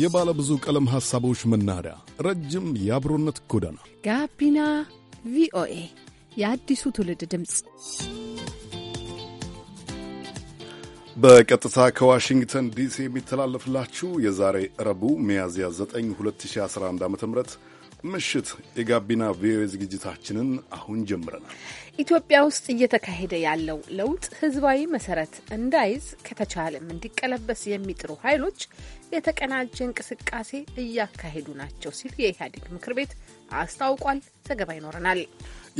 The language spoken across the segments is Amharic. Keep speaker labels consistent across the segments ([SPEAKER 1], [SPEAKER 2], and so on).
[SPEAKER 1] የባለ ብዙ ቀለም ሐሳቦች መናኸሪያ፣ ረጅም የአብሮነት ጎዳና
[SPEAKER 2] ጋቢና ቪኦኤ የአዲሱ ትውልድ ድምፅ
[SPEAKER 1] በቀጥታ ከዋሽንግተን ዲሲ የሚተላለፍላችሁ የዛሬ ረቡ ሚያዝያ 9 2011 ዓ ም ምሽት የጋቢና ቪኦኤ ዝግጅታችንን አሁን ጀምረናል።
[SPEAKER 2] ኢትዮጵያ ውስጥ እየተካሄደ ያለው ለውጥ ህዝባዊ መሰረት እንዳይዝ ከተቻለም እንዲቀለበስ የሚጥሩ ኃይሎች የተቀናጀ እንቅስቃሴ እያካሄዱ ናቸው ሲል የኢህአዴግ ምክር ቤት አስታውቋል። ዘገባ ይኖረናል።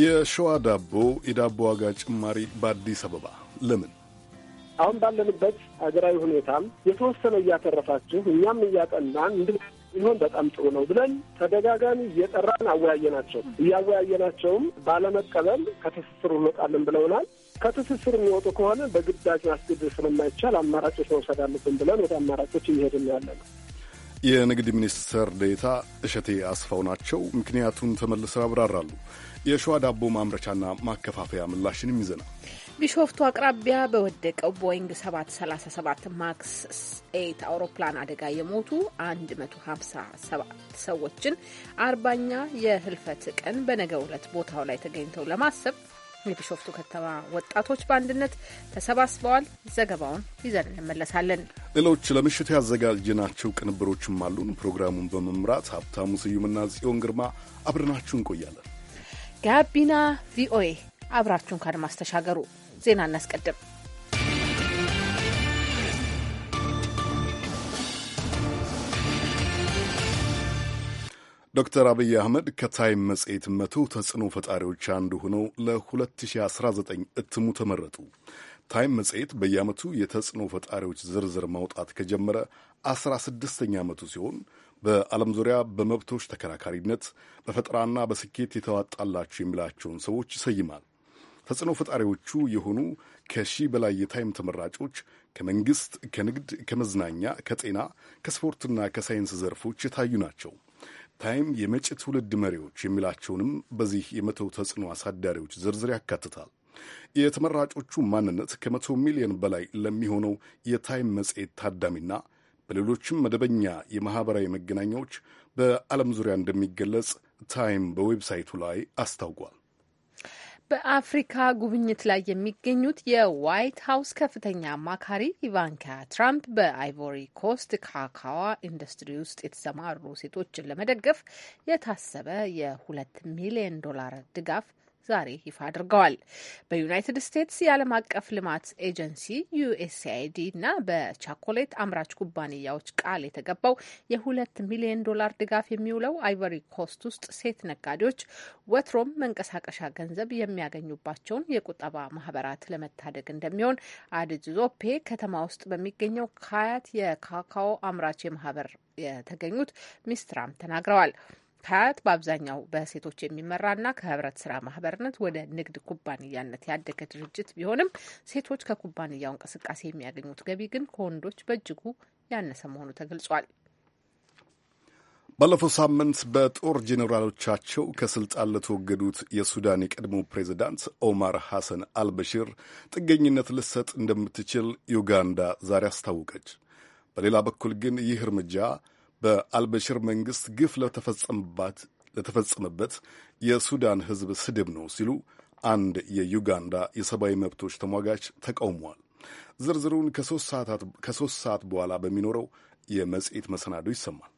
[SPEAKER 1] የሸዋ ዳቦ የዳቦ ዋጋ ጭማሪ በአዲስ አበባ ለምን?
[SPEAKER 3] አሁን ባለንበት ሀገራዊ ሁኔታም የተወሰነ እያተረፋችሁ እኛም እያጠናን እንድ ይሆን በጣም ጥሩ ነው ብለን ተደጋጋሚ እየጠራን አወያየናቸው። እያወያየናቸውም ባለመቀበል ከትስስሩ እንወጣለን ብለውናል። ከትስስር የሚወጡ ከሆነ በግዳጅ ማስገደድ ስለማይቻል አማራጮች መውሰድ አለብን ብለን ወደ አማራጮች እየሄድን ያለ
[SPEAKER 1] ነው። የንግድ ሚኒስትር ዴታ እሸቴ አስፋው ናቸው። ምክንያቱን ተመልሰው ያብራራሉ። የሸዋ ዳቦ ማምረቻና ማከፋፈያ ምላሽንም ይዘናል።
[SPEAKER 2] ቢሾፍቱ አቅራቢያ በወደቀው ቦይንግ 737 ማክስ 8 አውሮፕላን አደጋ የሞቱ 157 ሰዎችን አርባኛ የህልፈት ቀን በነገው ዕለት ቦታው ላይ ተገኝተው ለማሰብ የቢሾፍቱ ከተማ ወጣቶች በአንድነት ተሰባስበዋል። ዘገባውን ይዘን እንመለሳለን።
[SPEAKER 1] ሌሎች ለምሽት ያዘጋጅናቸው ቅንብሮችም አሉን። ፕሮግራሙን በመምራት ሀብታሙ ስዩምና ጽዮን ግርማ አብረናችሁ እንቆያለን።
[SPEAKER 2] ጋቢና ቪኦኤ አብራችሁን ከአድማስ ተሻገሩ። ዜና እናስቀድም።
[SPEAKER 1] ዶክተር አብይ አህመድ ከታይም መጽሔት መቶ ተጽዕኖ ፈጣሪዎች አንዱ ሆነው ለ2019 እትሙ ተመረጡ። ታይም መጽሔት በየዓመቱ የተጽዕኖ ፈጣሪዎች ዝርዝር ማውጣት ከጀመረ 16ኛ ዓመቱ ሲሆን በዓለም ዙሪያ በመብቶች ተከራካሪነት በፈጠራና በስኬት የተዋጣላቸው የሚላቸውን ሰዎች ይሰይማል። ተጽዕኖ ፈጣሪዎቹ የሆኑ ከሺህ በላይ የታይም ተመራጮች ከመንግሥት፣ ከንግድ፣ ከመዝናኛ፣ ከጤና፣ ከስፖርትና ከሳይንስ ዘርፎች የታዩ ናቸው። ታይም የመጪ ትውልድ መሪዎች የሚላቸውንም በዚህ የመተው ተጽዕኖ አሳዳሪዎች ዝርዝር ያካትታል። የተመራጮቹ ማንነት ከመቶ ሚሊዮን በላይ ለሚሆነው የታይም መጽሔት ታዳሚና በሌሎችም መደበኛ የማኅበራዊ መገናኛዎች በዓለም ዙሪያ እንደሚገለጽ ታይም በዌብሳይቱ ላይ አስታውቋል።
[SPEAKER 2] በአፍሪካ ጉብኝት ላይ የሚገኙት የዋይት ሀውስ ከፍተኛ አማካሪ ኢቫንካ ትራምፕ በአይቮሪ ኮስት ካካዋ ኢንዱስትሪ ውስጥ የተሰማሩ ሴቶችን ለመደገፍ የታሰበ የሁለት ሚሊዮን ዶላር ድጋፍ ዛሬ ይፋ አድርገዋል። በዩናይትድ ስቴትስ የዓለም አቀፍ ልማት ኤጀንሲ ዩኤስአይዲ እና በቻኮሌት አምራች ኩባንያዎች ቃል የተገባው የሁለት ሚሊዮን ዶላር ድጋፍ የሚውለው አይቨሪ ኮስት ውስጥ ሴት ነጋዴዎች ወትሮም መንቀሳቀሻ ገንዘብ የሚያገኙባቸውን የቁጠባ ማህበራት ለመታደግ እንደሚሆን ዞፔ ከተማ ውስጥ በሚገኘው ካያት የካካኦ አምራች ማህበር የተገኙት ሚስትራም ተናግረዋል። ከአያት በአብዛኛው በሴቶች የሚመራና ከህብረት ስራ ማህበርነት ወደ ንግድ ኩባንያነት ያደገ ድርጅት ቢሆንም ሴቶች ከኩባንያው እንቅስቃሴ የሚያገኙት ገቢ ግን ከወንዶች በእጅጉ ያነሰ መሆኑ ተገልጿል።
[SPEAKER 1] ባለፈው ሳምንት በጦር ጄኔራሎቻቸው ከስልጣን ለተወገዱት የሱዳን የቀድሞ ፕሬዚዳንት ኦማር ሐሰን አልበሽር ጥገኝነት ልትሰጥ እንደምትችል ዩጋንዳ ዛሬ አስታወቀች። በሌላ በኩል ግን ይህ እርምጃ በአልበሽር መንግስት ግፍ ለተፈጸመበት የሱዳን ህዝብ ስድብ ነው ሲሉ አንድ የዩጋንዳ የሰብአዊ መብቶች ተሟጋች ተቃውሟል። ዝርዝሩን ከሶስት ሰዓት በኋላ በሚኖረው የመጽሔት መሰናዶ ይሰማል።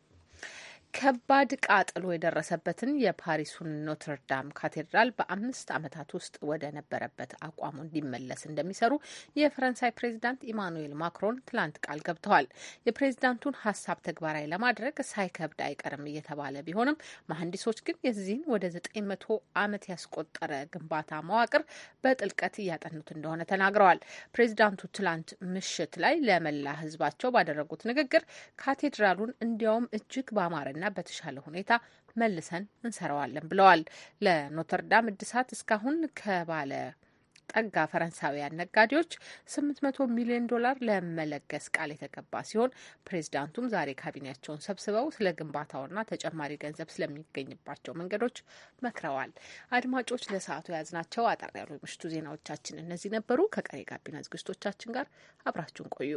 [SPEAKER 2] ከባድ ቃጠሎ የደረሰበትን የፓሪሱን ኖትርዳም ካቴድራል በአምስት ዓመታት ውስጥ ወደ ነበረበት አቋሙ እንዲመለስ እንደሚሰሩ የፈረንሳይ ፕሬዚዳንት ኢማኑኤል ማክሮን ትላንት ቃል ገብተዋል። የፕሬዚዳንቱን ሀሳብ ተግባራዊ ለማድረግ ሳይከብድ አይቀርም እየተባለ ቢሆንም መሐንዲሶች ግን የዚህን ወደ ዘጠኝ መቶ ዓመት ያስቆጠረ ግንባታ መዋቅር በጥልቀት እያጠኑት እንደሆነ ተናግረዋል። ፕሬዚዳንቱ ትላንት ምሽት ላይ ለመላ ሕዝባቸው ባደረጉት ንግግር ካቴድራሉን እንዲያውም እጅግ በአማረ በተሻለና በተሻለ ሁኔታ መልሰን እንሰራዋለን ብለዋል። ለኖተርዳም እድሳት እስካሁን ከባለ ጠጋ ፈረንሳውያን ነጋዴዎች 800 ሚሊዮን ዶላር ለመለገስ ቃል የተገባ ሲሆን ፕሬዚዳንቱም ዛሬ ካቢኔያቸውን ሰብስበው ስለ ግንባታውና ተጨማሪ ገንዘብ ስለሚገኝባቸው መንገዶች መክረዋል። አድማጮች፣ ለሰዓቱ የያዝናቸው አጠር ያሉ የምሽቱ ዜናዎቻችን እነዚህ ነበሩ። ከቀሪ ጋቢና ዝግጅቶቻችን ጋር አብራችሁን ቆዩ።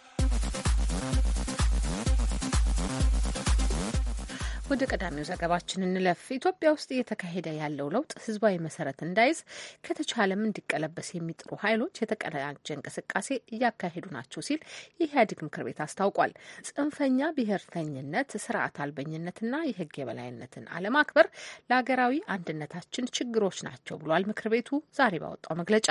[SPEAKER 2] ወደ ቀዳሚው ዘገባችን እንለፍ። ኢትዮጵያ ውስጥ እየተካሄደ ያለው ለውጥ ህዝባዊ መሰረት እንዳይዝ ከተቻለም እንዲቀለበስ የሚጥሩ ኃይሎች የተቀናጀ እንቅስቃሴ እያካሄዱ ናቸው ሲል የኢህአዴግ ምክር ቤት አስታውቋል። ጽንፈኛ ብሔርተኝነት፣ ስርዓት አልበኝነትና የህግ የበላይነትን አለማክበር ለሀገራዊ አንድነታችን ችግሮች ናቸው ብሏል ምክር ቤቱ ዛሬ ባወጣው መግለጫ።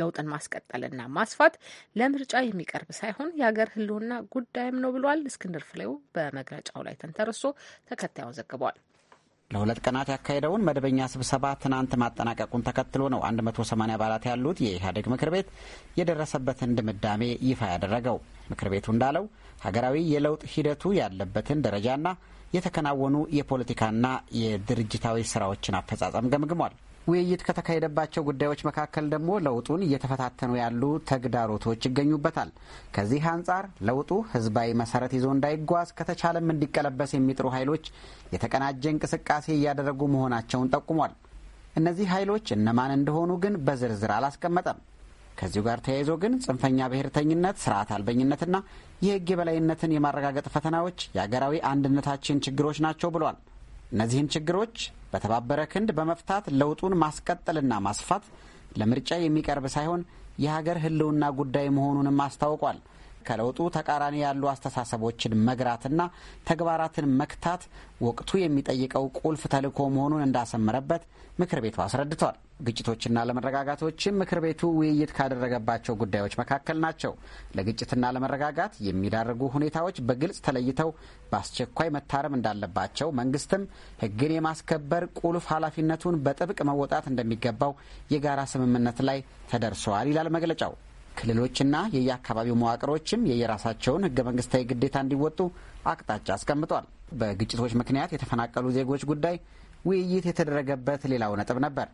[SPEAKER 2] ለውጥን ማስቀጠልና ማስፋት ለምርጫ የሚቀርብ ሳይሆን የሀገር ሕልውና ጉዳይም ነው ብሏል። እስክንድር ፍሬው በመግለጫው ላይ ተንተርሶ ተከታዩን ዘግቧል።
[SPEAKER 4] ለሁለት ቀናት ያካሄደውን መደበኛ ስብሰባ ትናንት ማጠናቀቁን ተከትሎ ነው 180 አባላት ያሉት የኢህአዴግ ምክር ቤት የደረሰበትን ድምዳሜ ይፋ ያደረገው። ምክር ቤቱ እንዳለው ሀገራዊ የለውጥ ሂደቱ ያለበትን ደረጃና የተከናወኑ የፖለቲካና የድርጅታዊ ስራዎችን አፈጻጸም ገምግሟል። ውይይት ከተካሄደባቸው ጉዳዮች መካከል ደግሞ ለውጡን እየተፈታተኑ ያሉ ተግዳሮቶች ይገኙበታል። ከዚህ አንጻር ለውጡ ሕዝባዊ መሰረት ይዞ እንዳይጓዝ ከተቻለም እንዲቀለበስ የሚጥሩ ኃይሎች የተቀናጀ እንቅስቃሴ እያደረጉ መሆናቸውን ጠቁሟል። እነዚህ ኃይሎች እነማን እንደሆኑ ግን በዝርዝር አላስቀመጠም። ከዚሁ ጋር ተያይዞ ግን ጽንፈኛ ብሔርተኝነት፣ ስርዓት አልበኝነትና የህግ የበላይነትን የማረጋገጥ ፈተናዎች የአገራዊ አንድነታችን ችግሮች ናቸው ብሏል። እነዚህን ችግሮች በተባበረ ክንድ በመፍታት ለውጡን ማስቀጠልና ማስፋት ለምርጫ የሚቀርብ ሳይሆን የሀገር ሕልውና ጉዳይ መሆኑንም አስታውቋል። ከለውጡ ተቃራኒ ያሉ አስተሳሰቦችን መግራትና ተግባራትን መክታት ወቅቱ የሚጠይቀው ቁልፍ ተልኮ መሆኑን እንዳሰመረበት ምክር ቤቱ አስረድቷል። ግጭቶችና ለመረጋጋቶችም ምክር ቤቱ ውይይት ካደረገባቸው ጉዳዮች መካከል ናቸው። ለግጭትና ለመረጋጋት የሚዳርጉ ሁኔታዎች በግልጽ ተለይተው በአስቸኳይ መታረም እንዳለባቸው፣ መንግስትም ሕግን የማስከበር ቁልፍ ኃላፊነቱን በጥብቅ መወጣት እንደሚገባው የጋራ ስምምነት ላይ ተደርሷል ይላል መግለጫው። ክልሎችና የየአካባቢው መዋቅሮችም የየራሳቸውን ህገ መንግስታዊ ግዴታ እንዲወጡ አቅጣጫ አስቀምጧል። በግጭቶች ምክንያት የተፈናቀሉ ዜጎች ጉዳይ ውይይት የተደረገበት ሌላው ነጥብ ነበር።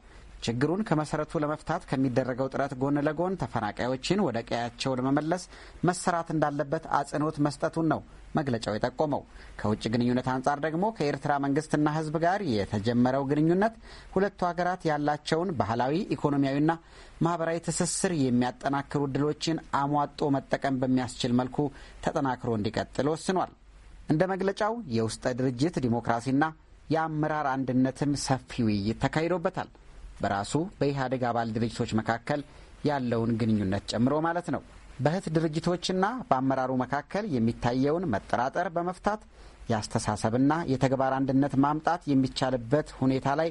[SPEAKER 4] ችግሩን ከመሰረቱ ለመፍታት ከሚደረገው ጥረት ጎን ለጎን ተፈናቃዮችን ወደ ቀያቸው ለመመለስ መሰራት እንዳለበት አጽንኦት መስጠቱን ነው መግለጫው የጠቆመው። ከውጭ ግንኙነት አንጻር ደግሞ ከኤርትራ መንግስትና ሕዝብ ጋር የተጀመረው ግንኙነት ሁለቱ ሀገራት ያላቸውን ባህላዊ፣ ኢኮኖሚያዊና ማህበራዊ ትስስር የሚያጠናክሩ እድሎችን አሟጦ መጠቀም በሚያስችል መልኩ ተጠናክሮ እንዲቀጥል ወስኗል። እንደ መግለጫው የውስጠ ድርጅት ዲሞክራሲና የአመራር አንድነትም ሰፊ ውይይት ተካሂዶበታል። በራሱ በኢህአዴግ አባል ድርጅቶች መካከል ያለውን ግንኙነት ጨምሮ ማለት ነው። በህት ድርጅቶችና በአመራሩ መካከል የሚታየውን መጠራጠር በመፍታት የአስተሳሰብና የተግባር አንድነት ማምጣት የሚቻልበት ሁኔታ ላይ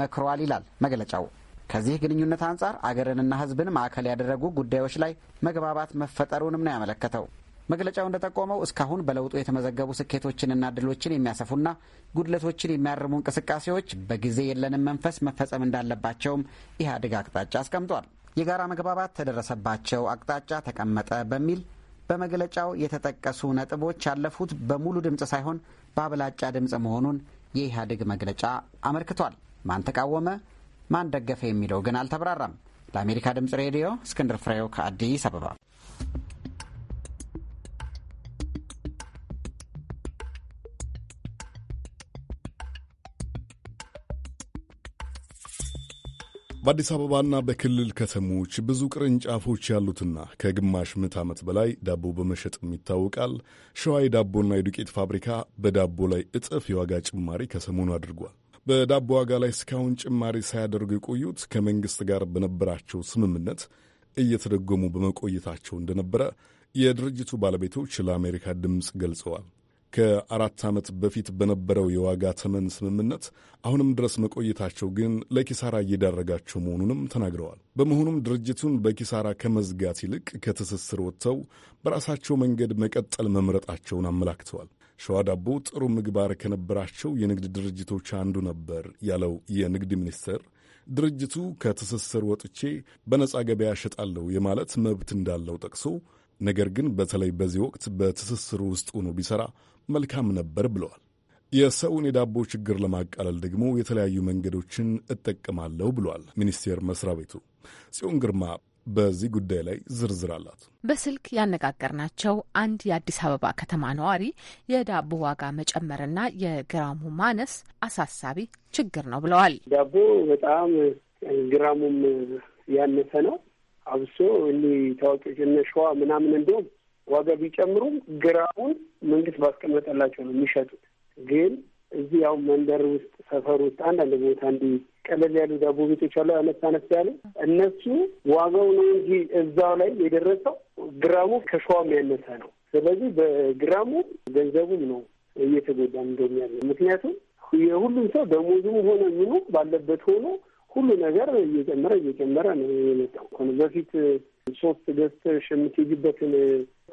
[SPEAKER 4] መክሯል ይላል መግለጫው። ከዚህ ግንኙነት አንጻር አገርንና ህዝብን ማዕከል ያደረጉ ጉዳዮች ላይ መግባባት መፈጠሩንም ነው ያመለከተው። መግለጫው እንደጠቆመው እስካሁን በለውጡ የተመዘገቡ ስኬቶችንና ድሎችን የሚያሰፉና ጉድለቶችን የሚያርሙ እንቅስቃሴዎች በጊዜ የለንም መንፈስ መፈጸም እንዳለባቸውም ኢህአዴግ አቅጣጫ አስቀምጧል። የጋራ መግባባት ተደረሰባቸው፣ አቅጣጫ ተቀመጠ በሚል በመግለጫው የተጠቀሱ ነጥቦች ያለፉት በሙሉ ድምፅ ሳይሆን በአብላጫ ድምፅ መሆኑን የኢህአዴግ መግለጫ አመልክቷል። ማን ተቃወመ፣ ማን ደገፈ የሚለው ግን አልተብራራም። ለአሜሪካ ድምፅ ሬዲዮ እስክንድር ፍሬው ከአዲስ አበባ
[SPEAKER 1] በአዲስ አበባና በክልል ከተሞች ብዙ ቅርንጫፎች ያሉትና ከግማሽ ምት ዓመት በላይ ዳቦ በመሸጥም ይታወቃል። ሸዋይ ዳቦና የዱቄት ፋብሪካ በዳቦ ላይ እጥፍ የዋጋ ጭማሪ ከሰሞኑ አድርጓል። በዳቦ ዋጋ ላይ እስካሁን ጭማሪ ሳያደርጉ የቆዩት ከመንግሥት ጋር በነበራቸው ስምምነት እየተደጎሙ በመቆየታቸው እንደነበረ የድርጅቱ ባለቤቶች ለአሜሪካ ድምፅ ገልጸዋል። ከአራት ዓመት በፊት በነበረው የዋጋ ተመን ስምምነት አሁንም ድረስ መቆየታቸው ግን ለኪሳራ እየዳረጋቸው መሆኑንም ተናግረዋል። በመሆኑም ድርጅቱን በኪሳራ ከመዝጋት ይልቅ ከትስስር ወጥተው በራሳቸው መንገድ መቀጠል መምረጣቸውን አመላክተዋል። ሸዋ ዳቦ ጥሩ ምግባር ከነበራቸው የንግድ ድርጅቶች አንዱ ነበር ያለው የንግድ ሚኒስቴር ድርጅቱ ከትስስር ወጥቼ በነጻ ገበያ እሸጣለሁ የማለት መብት እንዳለው ጠቅሶ ነገር ግን በተለይ በዚህ ወቅት በትስስሩ ውስጥ ሆኖ ቢሰራ መልካም ነበር ብለዋል። የሰውን የዳቦ ችግር ለማቃለል ደግሞ የተለያዩ መንገዶችን እጠቀማለሁ ብሏል ሚኒስቴር መስሪያ ቤቱ። ጽዮን ግርማ በዚህ ጉዳይ ላይ ዝርዝር አላት።
[SPEAKER 2] በስልክ ያነጋገርናቸው አንድ የአዲስ አበባ ከተማ ነዋሪ የዳቦ ዋጋ መጨመርና የግራሙ ማነስ አሳሳቢ ችግር ነው ብለዋል።
[SPEAKER 3] ዳቦ በጣም ግራሙም ያነሰ ነው። አብሶ እኒ ታዋቂዎች እነ ሸዋ ምናምን እንደውም ዋጋ ቢጨምሩም ግራውን መንግስት ባስቀመጠላቸው ነው የሚሸጡት። ግን እዚህ ያው መንደር ውስጥ ሰፈር ውስጥ አንዳንድ ቦታ እንዲ ቀለል ያሉ ዳቦ ቤቶች አሉ፣ አነስ አነስ ያሉ እነሱ ዋጋው ነው እንጂ እዛው ላይ የደረሰው ግራሙ ከሸዋም ያነሰ ነው። ስለዚህ በግራሙ ገንዘቡም ነው እየተጎዳ እንደሚያለ ምክንያቱም የሁሉም ሰው ደሞዙም ሆነ ምኑ ባለበት ሆኖ ሁሉ ነገር እየጨመረ እየጨመረ ነው የመጣው። በፊት ሶስት ገዝተሽ የምትሄጂበትን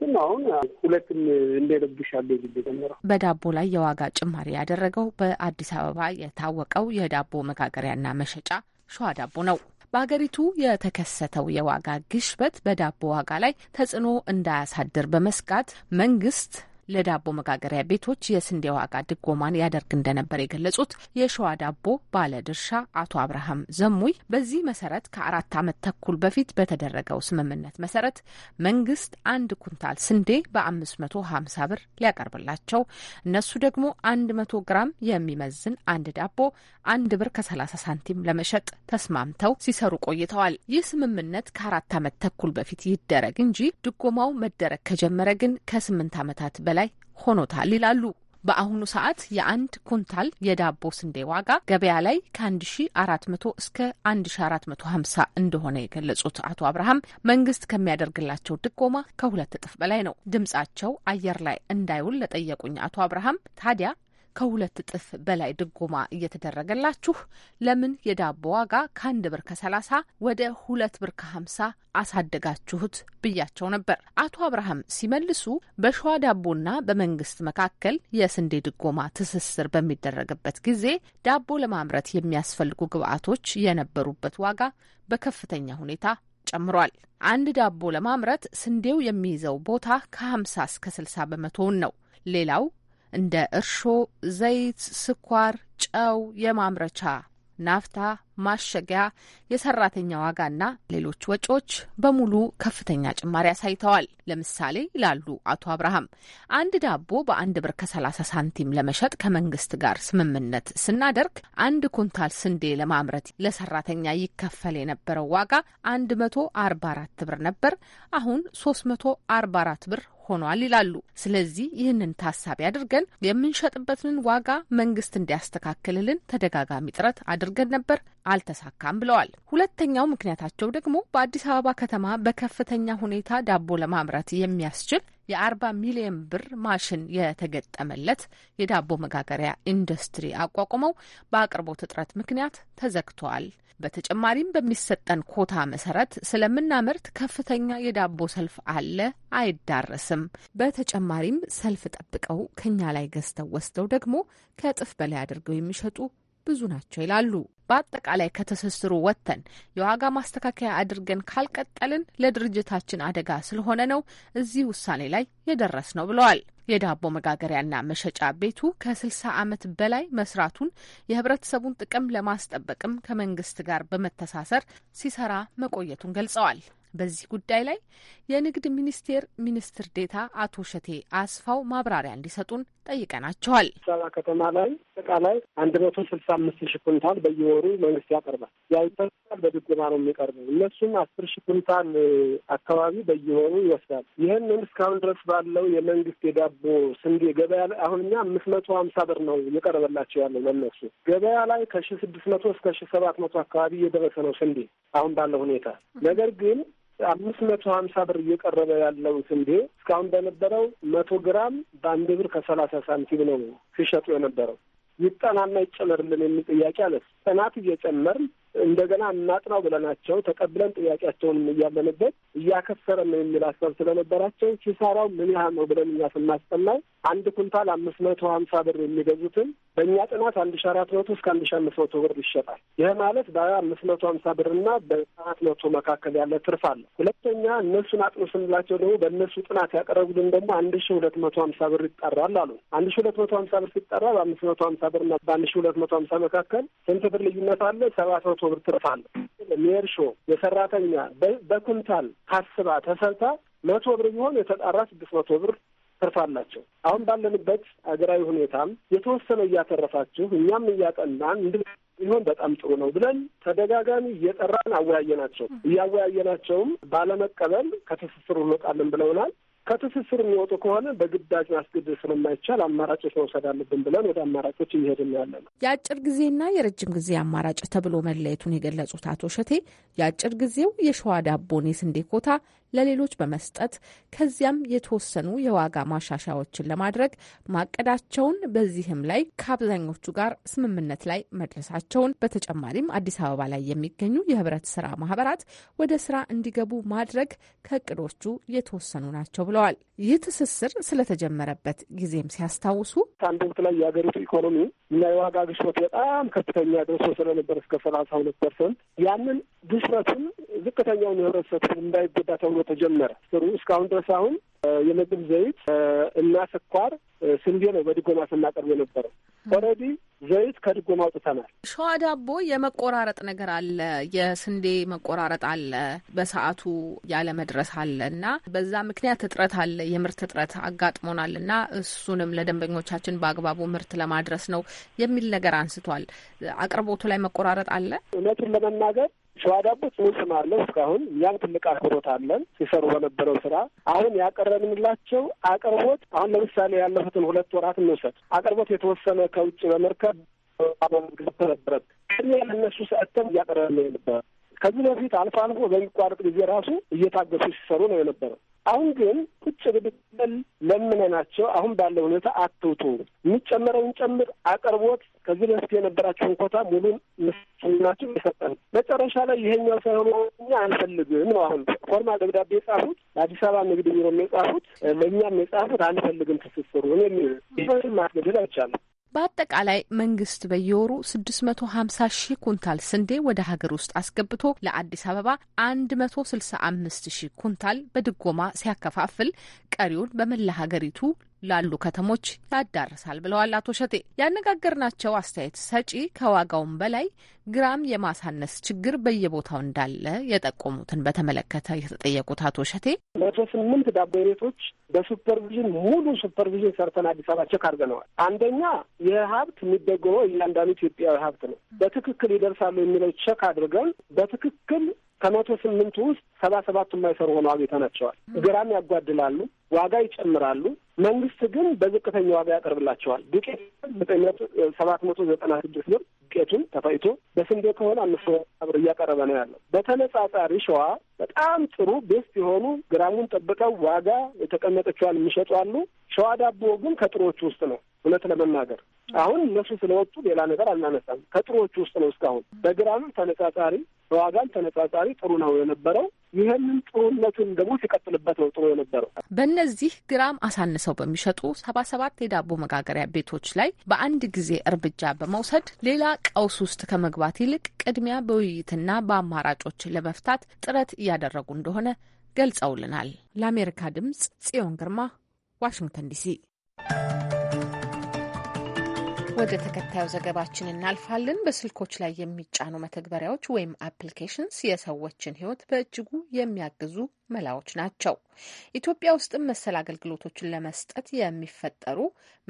[SPEAKER 3] ግን አሁን ሁለትም እንደለብሻለ ጀምረ
[SPEAKER 2] በዳቦ ላይ የዋጋ ጭማሪ ያደረገው በአዲስ አበባ የታወቀው የዳቦ መጋገሪያና መሸጫ ሸዋ ዳቦ ነው። በሀገሪቱ የተከሰተው የዋጋ ግሽበት በዳቦ ዋጋ ላይ ተጽዕኖ እንዳያሳድር በመስጋት መንግስት ለዳቦ መጋገሪያ ቤቶች የስንዴ ዋጋ ድጎማን ያደርግ እንደነበር የገለጹት የሸዋ ዳቦ ባለ ድርሻ አቶ አብርሃም ዘሙይ በዚህ መሰረት ከአራት ዓመት ተኩል በፊት በተደረገው ስምምነት መሰረት መንግስት አንድ ኩንታል ስንዴ በ550 ብር ሊያቀርብላቸው እነሱ ደግሞ 100 ግራም የሚመዝን አንድ ዳቦ አንድ ብር ከ30 ሳንቲም ለመሸጥ ተስማምተው ሲሰሩ ቆይተዋል። ይህ ስምምነት ከአራት ዓመት ተኩል በፊት ይደረግ እንጂ ድጎማው መደረግ ከጀመረ ግን ከስምንት ዓመታት በላይ ሆኖታል ይላሉ። በአሁኑ ሰዓት የአንድ ኩንታል የዳቦ ስንዴ ዋጋ ገበያ ላይ ከ1400 እስከ 1450 እንደሆነ የገለጹት አቶ አብርሃም መንግስት ከሚያደርግላቸው ድጎማ ከሁለት እጥፍ በላይ ነው። ድምጻቸው አየር ላይ እንዳይውል ለጠየቁኝ አቶ አብርሃም ታዲያ ከሁለት እጥፍ በላይ ድጎማ እየተደረገላችሁ ለምን የዳቦ ዋጋ ከአንድ ብር ከሰላሳ ወደ ሁለት ብር ከሀምሳ አሳደጋችሁት ብያቸው ነበር። አቶ አብርሃም ሲመልሱ በሸዋ ዳቦና በመንግስት መካከል የስንዴ ድጎማ ትስስር በሚደረግበት ጊዜ ዳቦ ለማምረት የሚያስፈልጉ ግብዓቶች የነበሩበት ዋጋ በከፍተኛ ሁኔታ ጨምሯል። አንድ ዳቦ ለማምረት ስንዴው የሚይዘው ቦታ ከ50 እስከ 60 በመቶውን ነው። ሌላው እንደ እርሾ፣ ዘይት፣ ስኳር፣ ጨው፣ የማምረቻ ናፍታ፣ ማሸጊያ፣ የሰራተኛ ዋጋና ሌሎች ወጪዎች በሙሉ ከፍተኛ ጭማሪ አሳይተዋል። ለምሳሌ ይላሉ አቶ አብርሃም፣ አንድ ዳቦ በአንድ ብር ከ30 ሳንቲም ለመሸጥ ከመንግስት ጋር ስምምነት ስናደርግ አንድ ኩንታል ስንዴ ለማምረት ለሰራተኛ ይከፈል የነበረው ዋጋ 144 ብር ነበር። አሁን 344 ብር ሆኗል ይላሉ። ስለዚህ ይህንን ታሳቢ አድርገን የምንሸጥበትን ዋጋ መንግስት እንዲያስተካክልልን ተደጋጋሚ ጥረት አድርገን ነበር፣ አልተሳካም ብለዋል። ሁለተኛው ምክንያታቸው ደግሞ በአዲስ አበባ ከተማ በከፍተኛ ሁኔታ ዳቦ ለማምረት የሚያስችል የአርባ ሚሊዮን ብር ማሽን የተገጠመለት የዳቦ መጋገሪያ ኢንዱስትሪ አቋቁመው በአቅርቦት እጥረት ምክንያት ተዘግተዋል። በተጨማሪም በሚሰጠን ኮታ መሰረት ስለምናመርት ከፍተኛ የዳቦ ሰልፍ አለ፣ አይዳረስም። በተጨማሪም ሰልፍ ጠብቀው ከኛ ላይ ገዝተው ወስደው ደግሞ ከእጥፍ በላይ አድርገው የሚሸጡ ብዙ ናቸው ይላሉ። በአጠቃላይ ከትስስሩ ወጥተን የዋጋ ማስተካከያ አድርገን ካልቀጠልን ለድርጅታችን አደጋ ስለሆነ ነው እዚህ ውሳኔ ላይ የደረስ ነው ብለዋል። የዳቦ መጋገሪያና መሸጫ ቤቱ ከ60 ዓመት በላይ መስራቱን የህብረተሰቡን ጥቅም ለማስጠበቅም ከመንግስት ጋር በመተሳሰር ሲሰራ መቆየቱን ገልጸዋል። በዚህ ጉዳይ ላይ የንግድ ሚኒስቴር ሚኒስትር ዴታ አቶ ሸቴ አስፋው ማብራሪያ እንዲሰጡን ጠይቀናቸዋል። ሰባ ከተማ
[SPEAKER 3] ላይ አጠቃላይ አንድ መቶ ስልሳ አምስት ሺ ኩንታል በየወሩ መንግስት ያቀርባል። ያይተሳል በድጎማ ነው የሚቀርበው። እነሱም አስር ሺ ኩንታል አካባቢ በየወሩ ይወስዳል። ይህንን እስካሁን ድረስ ባለው የመንግስት የዳቦ ስንዴ ገበያ ላይ አሁን እኛ አምስት መቶ ሀምሳ ብር ነው እየቀረበላቸው ያለው ለነሱ ገበያ ላይ ከሺ ስድስት መቶ እስከ ሺ ሰባት መቶ አካባቢ እየደረሰ ነው ስንዴ አሁን ባለው ሁኔታ ነገር ግን አምስት መቶ ሀምሳ ብር እየቀረበ ያለው ስንዴ እስካሁን በነበረው መቶ ግራም በአንድ ብር ከሰላሳ ሳንቲም ነው ሲሸጡ የነበረው። ይጠናና ይጨመርልን የሚል ጥያቄ አለ። ጥናት እየጨመርን እንደገና እናጥናው ብለናቸው ተቀብለን ጥያቄያቸውን እያለንበት እያከሰረ ነው የሚል ሀሳብ ስለነበራቸው ኪሳራው ምን ያህል ነው ብለን እኛ ስናስጠናው አንድ ኩንታል አምስት መቶ ሀምሳ ብር የሚገዙትን በእኛ ጥናት አንድ ሺ አራት መቶ እስከ አንድ ሺ አምስት መቶ ብር ይሸጣል። ይህ ማለት በአምስት መቶ ሀምሳ ብርና በአራት መቶ መካከል ያለ ትርፍ አለ። ሁለተኛ እነሱን አጥኑ ስንላቸው ደግሞ በእነሱ ጥናት ያቀረቡልን ደግሞ አንድ ሺ ሁለት መቶ ሀምሳ ብር ይጠራል አሉ። አንድ ሺ ሁለት መቶ ሀምሳ ብር ሲጠራ በአምስት መቶ ሀምሳ ብርና በአንድ ሺ ሁለት መቶ ሀምሳ መካከል ስንት ብር ልዩነት አለ? ሰባት መቶ መቶ ብር ትርፍ አለ። ሜርሾ የሰራተኛ በኩንታል ታስባ ተሰርታ መቶ ብር ቢሆን የተጣራ ስድስት መቶ ብር ትርፍ አላቸው። አሁን ባለንበት አገራዊ ሁኔታም የተወሰነ እያተረፋችሁ እኛም እያጠናን እንድ ቢሆን በጣም ጥሩ ነው ብለን ተደጋጋሚ እየጠራን አወያየናቸው። እያወያየናቸውም ባለመቀበል ከትስስሩ እንወጣለን ብለውናል። ከትስስር የሚወጡ ከሆነ በግዳጅ ማስገደድ ስለማይቻል አማራጮች መውሰድ አለብን ብለን ወደ አማራጮች እየሄድን ያለ ነው።
[SPEAKER 2] የአጭር ጊዜና የረጅም ጊዜ አማራጭ ተብሎ መለየቱን የገለጹት አቶ ሸቴ የአጭር ጊዜው የሸዋ ዳቦን የስንዴ ኮታ ለሌሎች በመስጠት ከዚያም የተወሰኑ የዋጋ ማሻሻያዎችን ለማድረግ ማቀዳቸውን በዚህም ላይ ከአብዛኞቹ ጋር ስምምነት ላይ መድረሳቸውን በተጨማሪም አዲስ አበባ ላይ የሚገኙ የህብረት ስራ ማህበራት ወደ ስራ እንዲገቡ ማድረግ ከእቅዶቹ የተወሰኑ ናቸው ብለዋል። ይህ ትስስር ስለተጀመረበት ጊዜም ሲያስታውሱ
[SPEAKER 3] አንድ ወቅት ላይ የሀገሪቱ ኢኮኖሚ እና የዋጋ ግሽበት በጣም ከፍተኛ ደርሶ ስለነበር እስከ ሰላሳ ሁለት ፐርሰንት ያንን ግሽበቱን ዝቅተኛውን የህብረተሰብ እንዳይጎዳ ተብሎ ተጀመረ። ጥሩ እስካሁን ድረስ አሁን የምግብ ዘይት እና ስኳር፣ ስንዴ ነው በድጎማ ስናቀርብ የነበረው። ኦልሬዲ ዘይት ከድጎማ አውጥተናል።
[SPEAKER 2] ሸዋ ዳቦ የመቆራረጥ ነገር አለ፣ የስንዴ መቆራረጥ አለ፣ በሰዓቱ ያለ መድረስ አለ እና በዛ ምክንያት እጥረት አለ፣ የምርት እጥረት አጋጥሞናል እና እሱንም ለደንበኞቻችን በአግባቡ ምርት ለማድረስ ነው የሚል ነገር አንስቷል። አቅርቦቱ ላይ መቆራረጥ አለ።
[SPEAKER 3] እውነቱን ለመናገር ሸዋ ዳቦ ጽኑ ስም አለው እስካሁን። ያም ትልቅ አክብሮት አለን ሲሰሩ በነበረው ስራ። አሁን ያቀረብንላቸው አቅርቦት አሁን ለምሳሌ ያለፉትን ሁለት ወራት እንውሰድ። አቅርቦት የተወሰነ ከውጭ በመርከብ መግዛት ነበረበት። ቅድሚያ ለእነሱ ሰአተም እያቀረብን ነበር። ከዚህ በፊት አልፎ አልፎ በሚቋረጥ ጊዜ ራሱ እየታገሱ ሲሰሩ ነው የነበረው። አሁን ግን ቁጭ ለምነ ናቸው አሁን ባለው ሁኔታ አትውጡ፣ የሚጨመረውን ጨምር፣ አቅርቦት ከዚህ በፊት የነበራቸውን ኮታ ሙሉን ምስናቸው ይሰጠን። መጨረሻ ላይ ይሄኛው ሳይሆን እኛ አንፈልግም ነው አሁን ፎርማል ደብዳቤ የጻፉት ለአዲስ አበባ ንግድ ቢሮ የጻፉት ለእኛም የጻፉት አንፈልግም ትስስሩ የሚል ማስገደል አይቻልም።
[SPEAKER 2] በአጠቃላይ መንግስት በየወሩ 650 ሺህ ኩንታል ስንዴ ወደ ሀገር ውስጥ አስገብቶ ለአዲስ አበባ 165 ሺህ ኩንታል በድጎማ ሲያከፋፍል ቀሪውን በመላ ሀገሪቱ ላሉ ከተሞች ያዳርሳል ብለዋል አቶ ሸቴ። ያነጋገርናቸው አስተያየት ሰጪ ከዋጋውም በላይ ግራም የማሳነስ ችግር በየቦታው እንዳለ የጠቆሙትን በተመለከተ የተጠየቁት አቶ ሸቴ
[SPEAKER 3] መቶ ስምንት ዳቦ ቤቶች በሱፐርቪዥን ሙሉ ሱፐርቪዥን ሰርተን አዲስ አበባ ቸክ አድርገነዋል። አንደኛ ይህ ሀብት የሚደጎመው እያንዳንዱ ኢትዮጵያዊ ሀብት ነው። በትክክል ይደርሳሉ የሚለው ቸክ አድርገን በትክክል ከመቶ ስምንቱ ውስጥ ሰባ ሰባቱ የማይሰሩ ሆነው አግኝተናቸዋል። ግራም ያጓድላሉ ዋጋ ይጨምራሉ። መንግስት ግን በዝቅተኛ ዋጋ ያቀርብላቸዋል። ዱቄት ዘጠኝ መቶ ሰባት መቶ ዘጠና ስድስት ብር ዱቄቱን ተፈጭቶ በስንዴ ከሆነ አምስት ብር እያቀረበ ነው ያለው። በተነጻጻሪ ሸዋ በጣም ጥሩ ቤስት የሆኑ ግራሙን ጠብቀው ዋጋ የተቀመጠችዋል የሚሸጡ አሉ። ሸዋ ዳቦ ግን ከጥሮዎቹ ውስጥ ነው። እውነት ለመናገር አሁን እነሱ ስለወጡ ሌላ ነገር አናነሳም። ከጥሮዎቹ ውስጥ ነው። እስካሁን በግራም ተነጻጻሪ በዋጋም ተነጻጻሪ ጥሩ ነው የነበረው። ይህንን ጥሩነቱን ደግሞ ሲቀጥልበት ነው ጥሩ የነበረው።
[SPEAKER 2] በእነዚህ ግራም አሳንሰው በሚሸጡ ሰባ ሰባት የዳቦ መጋገሪያ ቤቶች ላይ በአንድ ጊዜ እርምጃ በመውሰድ ሌላ ቀውስ ውስጥ ከመግባት ይልቅ ቅድሚያ በውይይትና በአማራጮች ለመፍታት ጥረት እያደረጉ እንደሆነ ገልጸውልናል። ለአሜሪካ ድምጽ ጽዮን ግርማ ዋሽንግተን ዲሲ። ወደ ተከታዩ ዘገባችን እናልፋለን። በስልኮች ላይ የሚጫኑ መተግበሪያዎች ወይም አፕሊኬሽንስ የሰዎችን ሕይወት በእጅጉ የሚያግዙ መላዎች ናቸው። ኢትዮጵያ ውስጥም መሰል አገልግሎቶችን ለመስጠት የሚፈጠሩ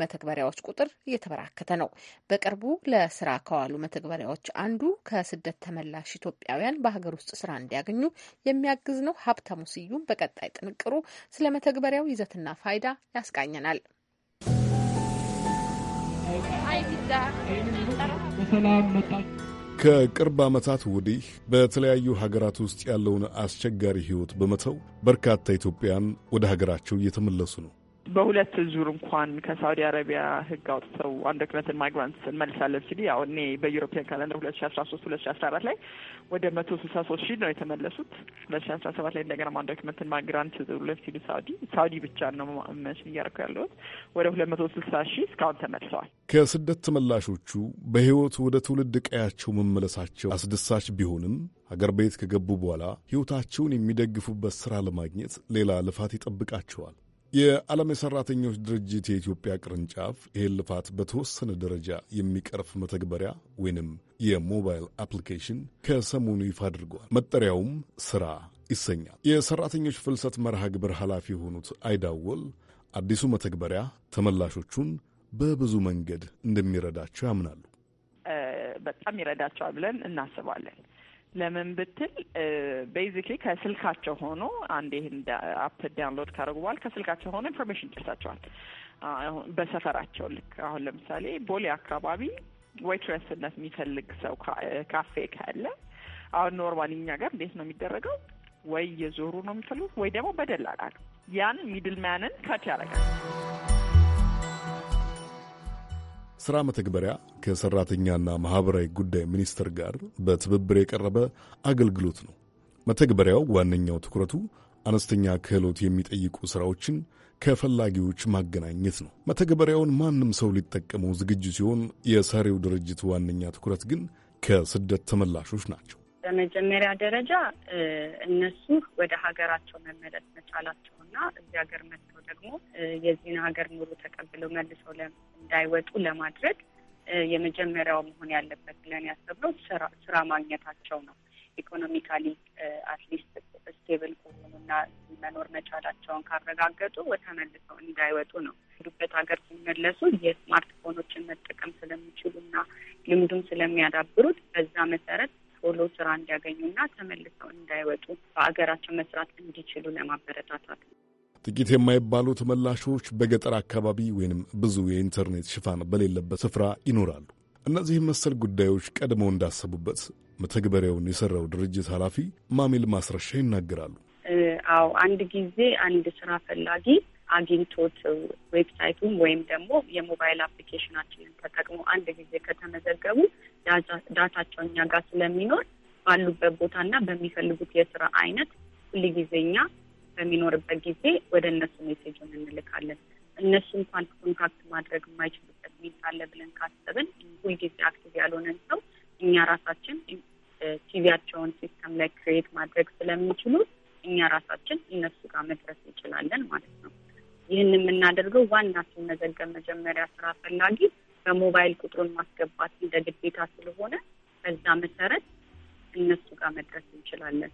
[SPEAKER 2] መተግበሪያዎች ቁጥር እየተበራከተ ነው። በቅርቡ ለስራ ከዋሉ መተግበሪያዎች አንዱ ከስደት ተመላሽ ኢትዮጵያውያን በሀገር ውስጥ ስራ እንዲያገኙ የሚያግዝ ነው። ሀብታሙ ስዩም በቀጣይ ጥንቅሩ ስለ መተግበሪያው ይዘትና ፋይዳ ያስቃኘናል።
[SPEAKER 3] በሰላም
[SPEAKER 1] ከቅርብ ዓመታት ወዲህ በተለያዩ ሀገራት ውስጥ ያለውን አስቸጋሪ ሕይወት በመተው በርካታ ኢትዮጵያን ወደ ሀገራቸው እየተመለሱ ነው።
[SPEAKER 5] በሁለት ዙር እንኳን ከሳውዲ አረቢያ ህግ አውጥተው አንድ ክነትን ማይግራንትስ እንመልሳለን ሲል ያው እኔ በዩሮፒያን ካለንደር ሁለት ሺ አስራ ሶስት ሁለት ሺ አስራ አራት ላይ ወደ መቶ ስልሳ ሶስት ሺ ነው የተመለሱት። ሁለት ሺ አስራ ሰባት ላይ እንደገና አንድ ክነትን ማይግራንት ሁለት ሲሉ ሳኡዲ ሳኡዲ ብቻ ነው መሽን እያደረኩ ያለሁት ወደ ሁለት መቶ ስልሳ ሺ እስካሁን ተመልሰዋል።
[SPEAKER 1] ከስደት ተመላሾቹ በህይወት ወደ ትውልድ ቀያቸው መመለሳቸው አስደሳች ቢሆንም አገር ቤት ከገቡ በኋላ ህይወታቸውን የሚደግፉበት ስራ ለማግኘት ሌላ ልፋት ይጠብቃቸዋል። የዓለም የሠራተኞች ድርጅት የኢትዮጵያ ቅርንጫፍ ይህን ልፋት በተወሰነ ደረጃ የሚቀርፍ መተግበሪያ ወይንም የሞባይል አፕሊኬሽን ከሰሞኑ ይፋ አድርጓል። መጠሪያውም ሥራ ይሰኛል። የሠራተኞች ፍልሰት መርሃ ግብር ኃላፊ የሆኑት አይዳወል አዲሱ መተግበሪያ ተመላሾቹን በብዙ መንገድ እንደሚረዳቸው ያምናሉ።
[SPEAKER 5] በጣም ይረዳቸዋል ብለን እናስባለን። ለምን ብትል ቤዚክሊ ከስልካቸው ሆኖ አንድ ይህን አፕ ዳውንሎድ ካደረጉ በኋላ ከስልካቸው ሆኖ ኢንፎርሜሽን ይጨርሳቸዋል። በሰፈራቸው ልክ አሁን ለምሳሌ ቦሌ አካባቢ ዌይትረስነት የሚፈልግ ሰው ካፌ ካለ አሁን ኖርማል እኛ ጋር እንዴት ነው የሚደረገው? ወይ የዞሩ ነው የሚፈልጉት ወይ ደግሞ በደላላ ነው። ያን ሚድልማንን ከት ያደርጋል።
[SPEAKER 1] ሥራ መተግበሪያ ከሠራተኛና ማኅበራዊ ጉዳይ ሚኒስቴር ጋር በትብብር የቀረበ አገልግሎት ነው። መተግበሪያው ዋነኛው ትኩረቱ አነስተኛ ክህሎት የሚጠይቁ ሥራዎችን ከፈላጊዎች ማገናኘት ነው። መተግበሪያውን ማንም ሰው ሊጠቀመው ዝግጁ ሲሆን፣ የሰሪው ድርጅት ዋነኛ ትኩረት ግን ከስደት ተመላሾች ናቸው።
[SPEAKER 6] በመጀመሪያ ደረጃ እነሱ ወደ ሀገራቸው መመለስ መቻላቸው እና እዚህ ሀገር መጥተው ደግሞ የዚህን ሀገር ኑሮ ተቀብለው መልሰው እንዳይወጡ ለማድረግ የመጀመሪያው መሆን ያለበት ብለን ያሰብነው ስራ ማግኘታቸው ነው። ኢኮኖሚካሊ አትሊስት ስቴብል ከሆኑና መኖር መቻላቸውን ካረጋገጡ ተመልሰው እንዳይወጡ ነው። ሄዱበት ሀገር ሲመለሱ የስማርትፎኖችን መጠቀም ስለሚችሉና ልምዱም ስለሚያዳብሩት በዛ መሰረት ቶሎ ስራ እንዲያገኙና ተመልሰው እንዳይወጡ በአገራቸው መስራት እንዲችሉ ለማበረታታት ነው።
[SPEAKER 1] ጥቂት የማይባሉ ተመላሾች በገጠር አካባቢ ወይንም ብዙ የኢንተርኔት ሽፋን በሌለበት ስፍራ ይኖራሉ። እነዚህም መሰል ጉዳዮች ቀድመው እንዳሰቡበት መተግበሪያውን የሰራው ድርጅት ኃላፊ ማሜል ማስረሻ ይናገራሉ።
[SPEAKER 6] አዎ አንድ ጊዜ አንድ ስራ ፈላጊ አግኝቶት ዌብሳይቱም ወይም ደግሞ የሞባይል አፕሊኬሽናችንን ተጠቅሞ አንድ ጊዜ ከተመዘገቡ ዳታቸው እኛ ጋር ስለሚኖር ባሉበት ቦታና በሚፈልጉት የስራ አይነት ሁልጊዜ እኛ በሚኖርበት ጊዜ ወደ እነሱ ሜሴጁን እንልካለን። እነሱ እንኳን ኮንታክት ማድረግ የማይችሉበት ሚንስ ብለን ካሰብን ሁልጊዜ አክቲቭ ያልሆነን ሰው እኛ ራሳችን ቲቪያቸውን ሲስተም ላይ ክሬት ማድረግ ስለሚችሉ እኛ ራሳችን እነሱ ጋር መድረስ እንችላለን ማለት ነው።
[SPEAKER 1] ይህን የምናደርገው
[SPEAKER 6] ዋና ሲመዘገብ መጀመሪያ ስራ ፈላጊ በሞባይል ቁጥሩን ማስገባት እንደ ግዴታ ስለሆነ በዛ መሰረት እነሱ ጋር መድረስ እንችላለን።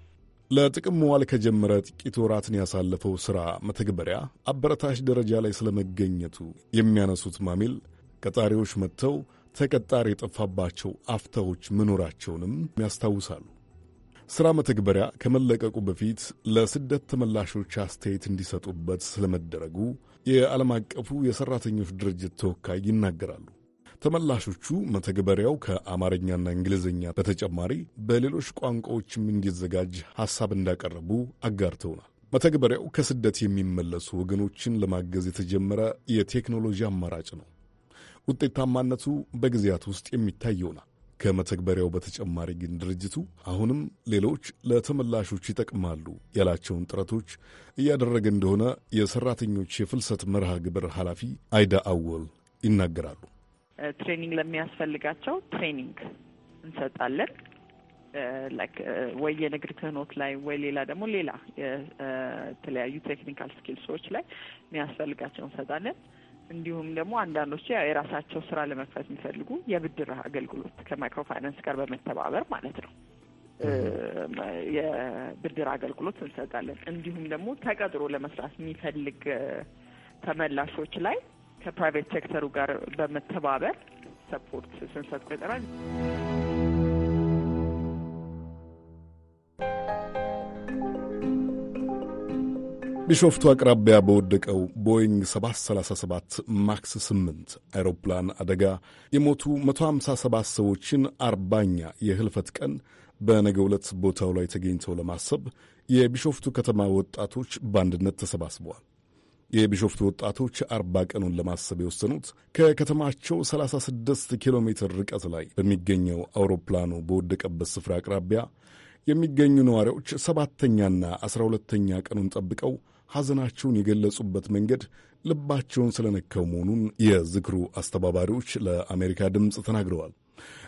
[SPEAKER 1] ለጥቅም መዋል ከጀመረ ጥቂት ወራትን ያሳለፈው ስራ መተግበሪያ አበረታች ደረጃ ላይ ስለመገኘቱ የሚያነሱት ማሚል ቀጣሪዎች መጥተው ተቀጣሪ የጠፋባቸው አፍታዎች መኖራቸውንም ያስታውሳሉ። ሥራ መተግበሪያ ከመለቀቁ በፊት ለስደት ተመላሾች አስተያየት እንዲሰጡበት ስለመደረጉ የዓለም አቀፉ የሠራተኞች ድርጅት ተወካይ ይናገራሉ። ተመላሾቹ መተግበሪያው ከአማርኛና እንግሊዝኛ በተጨማሪ በሌሎች ቋንቋዎችም እንዲዘጋጅ ሐሳብ እንዳቀረቡ አጋርተውናል። መተግበሪያው ከስደት የሚመለሱ ወገኖችን ለማገዝ የተጀመረ የቴክኖሎጂ አማራጭ ነው። ውጤታማነቱ በጊዜያት ውስጥ የሚታይ ይሆናል። ከመተግበሪያው በተጨማሪ ግን ድርጅቱ አሁንም ሌሎች ለተመላሾች ይጠቅማሉ ያላቸውን ጥረቶች እያደረገ እንደሆነ የሰራተኞች የፍልሰት መርሃ ግብር ኃላፊ አይዳ አወል ይናገራሉ።
[SPEAKER 5] ትሬኒንግ ለሚያስፈልጋቸው ትሬኒንግ እንሰጣለን ወይ የንግድ ክህኖት ላይ ወይ ሌላ ደግሞ ሌላ የተለያዩ ቴክኒካል ስኪልሶች ላይ የሚያስፈልጋቸው እንሰጣለን። እንዲሁም ደግሞ አንዳንዶች የራሳቸው ስራ ለመክፈት የሚፈልጉ የብድር አገልግሎት ከማይክሮ ፋይናንስ ጋር በመተባበር ማለት ነው የብድር አገልግሎት እንሰጣለን። እንዲሁም ደግሞ ተቀጥሮ ለመስራት የሚፈልግ ተመላሾች ላይ ከፕራይቬት ሴክተሩ ጋር በመተባበር ሰፖርት ስንሰጥ ቆይተናል።
[SPEAKER 1] ቢሾፍቱ አቅራቢያ በወደቀው ቦይንግ 737 ማክስ 8 አይሮፕላን አደጋ የሞቱ 157 ሰዎችን አርባኛ የህልፈት ቀን በነገ ዕለት ቦታው ላይ ተገኝተው ለማሰብ የቢሾፍቱ ከተማ ወጣቶች በአንድነት ተሰባስበዋል። የቢሾፍቱ ወጣቶች አርባ ቀኑን ለማሰብ የወሰኑት ከከተማቸው 36 ኪሎ ሜትር ርቀት ላይ በሚገኘው አውሮፕላኑ በወደቀበት ስፍራ አቅራቢያ የሚገኙ ነዋሪዎች ሰባተኛና አስራ ሁለተኛ ቀኑን ጠብቀው ሐዘናቸውን የገለጹበት መንገድ ልባቸውን ስለነካው መሆኑን የዝክሩ አስተባባሪዎች ለአሜሪካ ድምፅ ተናግረዋል።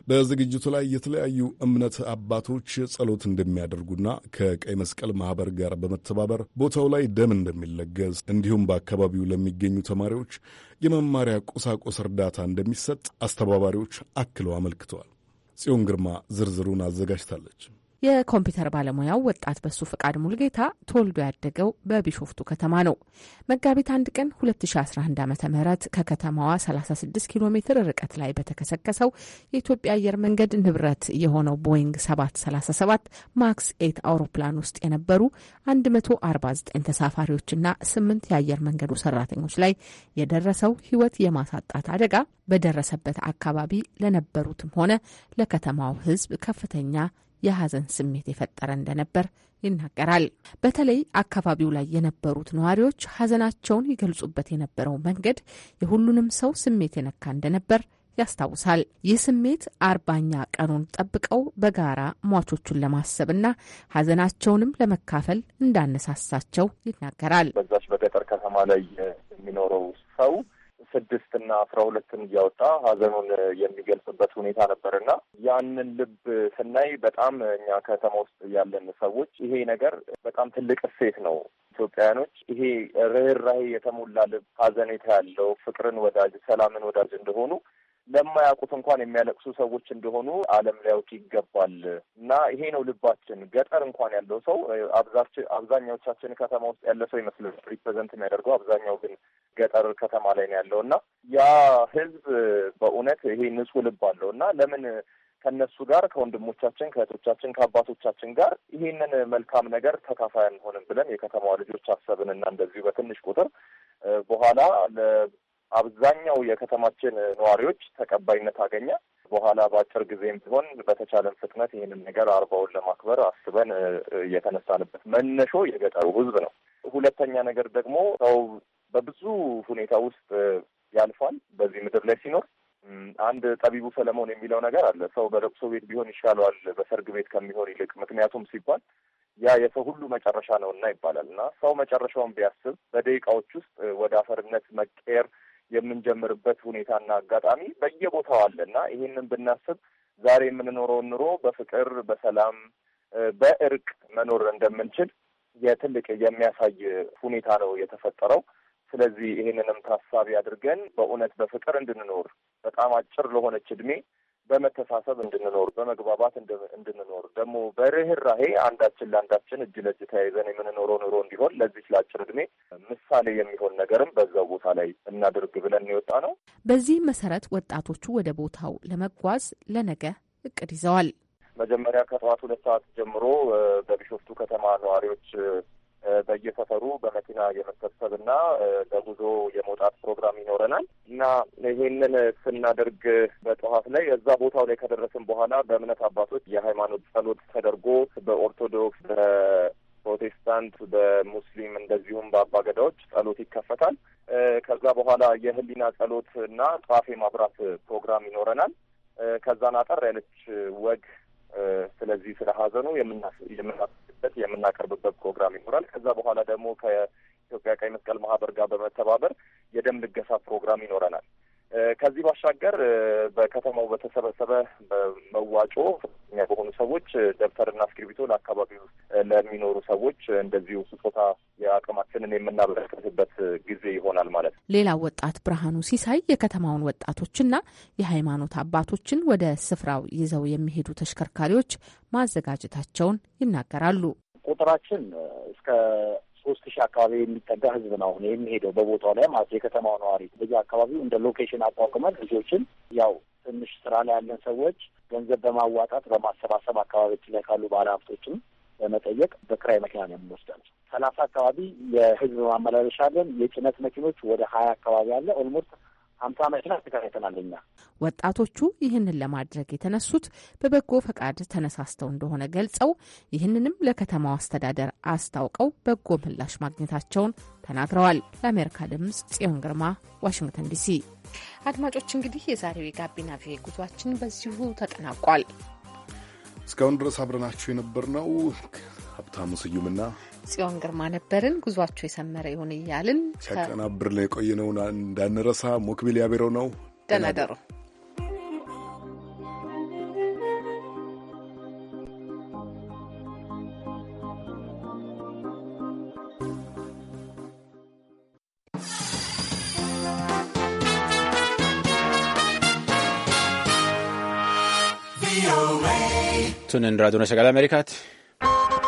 [SPEAKER 1] በዝግጅቱ ላይ የተለያዩ እምነት አባቶች ጸሎት እንደሚያደርጉና ከቀይ መስቀል ማኅበር ጋር በመተባበር ቦታው ላይ ደም እንደሚለገስ እንዲሁም በአካባቢው ለሚገኙ ተማሪዎች የመማሪያ ቁሳቁስ እርዳታ እንደሚሰጥ አስተባባሪዎች አክለው አመልክተዋል። ጽዮን ግርማ ዝርዝሩን አዘጋጅታለች።
[SPEAKER 2] የኮምፒውተር ባለሙያው ወጣት በሱ ፈቃድ ሙልጌታ ተወልዶ ያደገው በቢሾፍቱ ከተማ ነው። መጋቢት አንድ ቀን 2011 ዓ ም ከከተማዋ 36 ኪሎ ሜትር ርቀት ላይ በተከሰከሰው የኢትዮጵያ አየር መንገድ ንብረት የሆነው ቦይንግ 737 ማክስ ኤት አውሮፕላን ውስጥ የነበሩ 149 ተሳፋሪዎችና 8 የአየር መንገዱ ሰራተኞች ላይ የደረሰው ህይወት የማሳጣት አደጋ በደረሰበት አካባቢ ለነበሩትም ሆነ ለከተማው ህዝብ ከፍተኛ የሐዘን ስሜት የፈጠረ እንደነበር ይናገራል። በተለይ አካባቢው ላይ የነበሩት ነዋሪዎች ሐዘናቸውን ይገልጹበት የነበረው መንገድ የሁሉንም ሰው ስሜት የነካ እንደነበር ያስታውሳል። ይህ ስሜት አርባኛ ቀኑን ጠብቀው በጋራ ሟቾቹን ለማሰብና ሐዘናቸውንም ለመካፈል እንዳነሳሳቸው ይናገራል።
[SPEAKER 7] በዛች በገጠር ከተማ ላይ የሚኖረው ሰው ስድስት እና አስራ ሁለትን እያወጣ ሀዘኑን የሚገልጽበት ሁኔታ ነበር እና ያንን ልብ ስናይ በጣም እኛ ከተማ ውስጥ ያለን ሰዎች ይሄ ነገር በጣም ትልቅ እሴት ነው። ኢትዮጵያውያኖች ይሄ ርህራሄ የተሞላ ልብ፣ ሀዘኔታ ያለው ፍቅርን ወዳጅ፣ ሰላምን ወዳጅ እንደሆኑ ለማያውቁት እንኳን የሚያለቅሱ ሰዎች እንደሆኑ ዓለም ሊያውቅ ይገባል እና ይሄ ነው ልባችን። ገጠር እንኳን ያለው ሰው አብዛኛዎቻችን ከተማ ውስጥ ያለ ሰው ይመስል ሪፕሬዘንት የሚያደርገው አብዛኛው ግን ገጠር ከተማ ላይ ነው ያለው እና ያ ህዝብ በእውነት ይሄ ንጹህ ልብ አለው እና ለምን ከእነሱ ጋር ከወንድሞቻችን ከእህቶቻችን ከአባቶቻችን ጋር ይህንን መልካም ነገር ተካፋይ አንሆንም ብለን የከተማዋ ልጆች አሰብን እና እንደዚሁ በትንሽ ቁጥር በኋላ አብዛኛው የከተማችን ነዋሪዎች ተቀባይነት አገኘ። በኋላ በአጭር ጊዜም ቢሆን በተቻለን ፍጥነት ይህንን ነገር አርባውን ለማክበር አስበን እየተነሳንበት መነሾ የገጠሩ ህዝብ ነው። ሁለተኛ ነገር ደግሞ ሰው በብዙ ሁኔታ ውስጥ ያልፋል በዚህ ምድር ላይ ሲኖር አንድ ጠቢቡ ሰለሞን የሚለው ነገር አለ። ሰው በለቅሶ ቤት ቢሆን ይሻለዋል በሰርግ ቤት ከሚሆን ይልቅ። ምክንያቱም ሲባል ያ የሰው ሁሉ መጨረሻ ነው እና ይባላል እና ሰው መጨረሻውን ቢያስብ በደቂቃዎች ውስጥ ወደ አፈርነት መቀየር የምንጀምርበት ሁኔታና አጋጣሚ በየቦታው አለና ይህንን ብናስብ ዛሬ የምንኖረውን ኑሮ በፍቅር በሰላም በእርቅ መኖር እንደምንችል የትልቅ የሚያሳይ ሁኔታ ነው የተፈጠረው። ስለዚህ ይህንንም ታሳቢ አድርገን በእውነት በፍቅር እንድንኖር በጣም አጭር ለሆነች እድሜ በመተሳሰብ እንድንኖር፣ በመግባባት እንድንኖር ደግሞ በርህራሄ አንዳችን ለአንዳችን እጅ ለእጅ ተያይዘን የምንኖረው ኑሮ እንዲሆን ለዚህ ለአጭር እድሜ ምሳሌ የሚሆን ነገርም በዛው ቦታ ላይ እናድርግ ብለን የወጣ ነው።
[SPEAKER 2] በዚህ መሰረት ወጣቶቹ ወደ ቦታው ለመጓዝ ለነገ እቅድ ይዘዋል።
[SPEAKER 7] መጀመሪያ ከጠዋት ሁለት ሰዓት ጀምሮ በቢሾፍቱ ከተማ ነዋሪዎች በየሰፈሩ በመኪና የመሰብሰብ እና ለጉዞ የመውጣት ፕሮግራም ይኖረናል እና ይሄንን ስናደርግ በጠዋት ላይ እዛ ቦታው ላይ ከደረስን በኋላ በእምነት አባቶች የሃይማኖት ጸሎት ተደርጎ በኦርቶዶክስ፣ በፕሮቴስታንት፣ በሙስሊም እንደዚሁም ገዳዎች ጸሎት ይከፈታል። ከዛ በኋላ የህሊና ጸሎት እና ጧፍ የማብራት ፕሮግራም ይኖረናል። ከዛን አጠር ያለች ወግ ስለዚህ ስለ ሀዘኑ የምናስ በሚመለከት የምናቀርብበት ፕሮግራም ይኖራል። ከዛ በኋላ ደግሞ ከኢትዮጵያ ቀይ መስቀል ማህበር ጋር በመተባበር የደም ልገሳ ፕሮግራም ይኖረናል። ከዚህ ባሻገር በከተማው በተሰበሰበ መዋጮ በሆኑ ሰዎች ደብተርና እስክሪብቶ ለአካባቢው ለሚኖሩ ሰዎች እንደዚሁ ስጦታ የአቅማችንን የምናበረከትበት ጊዜ ይሆናል ማለት ነው።
[SPEAKER 2] ሌላው ወጣት ብርሃኑ ሲሳይ የከተማውን ወጣቶችና የሃይማኖት አባቶችን ወደ ስፍራው ይዘው የሚሄዱ ተሽከርካሪዎች ማዘጋጀታቸውን ይናገራሉ።
[SPEAKER 7] ቁጥራችን እስከ ሶስት ሺህ አካባቢ የሚጠጋ ህዝብ ነው አሁን የሚሄደው በቦታው ላይ ማለት የከተማው ነዋሪ በዚ አካባቢው እንደ ሎኬሽን አቋቁመን ልጆችን ያው ትንሽ ስራ ላይ ያለን ሰዎች ገንዘብ በማዋጣት በማሰባሰብ አካባቢዎች ላይ ካሉ ባለ ሀብቶችም በመጠየቅ በክራይ መኪና ነው የምንወስዳቸው። ሰላሳ አካባቢ የህዝብ ማመላለሻ አለን። የጭነት መኪኖች ወደ ሀያ አካባቢ አለ። ኦልሞስት ሀምሳ መኪና አዘጋጅተናል እኛ።
[SPEAKER 2] ወጣቶቹ ይህንን ለማድረግ የተነሱት በበጎ ፈቃድ ተነሳስተው እንደሆነ ገልጸው ይህንንም ለከተማው አስተዳደር አስታውቀው በጎ ምላሽ ማግኘታቸውን ተናግረዋል። ለአሜሪካ ድምጽ ጽዮን ግርማ ዋሽንግተን ዲሲ። አድማጮች እንግዲህ የዛሬው የጋቢና ቪ ጉዟችን በዚሁ ተጠናቋል።
[SPEAKER 1] እስካሁን ድረስ አብረናችሁ የነበር ነው ሀብታሙ ስዩምና
[SPEAKER 2] ጽዮን ግርማ ነበርን። ጉዟቸው የሰመረ ይሁን እያልን ሲያቀናብር
[SPEAKER 1] ሲያቀናብርልን የቆየነውን እንዳንረሳ ሞክቢል ያቤረው ነው። ደህና ደሩ።
[SPEAKER 4] Sunt în radună și americat.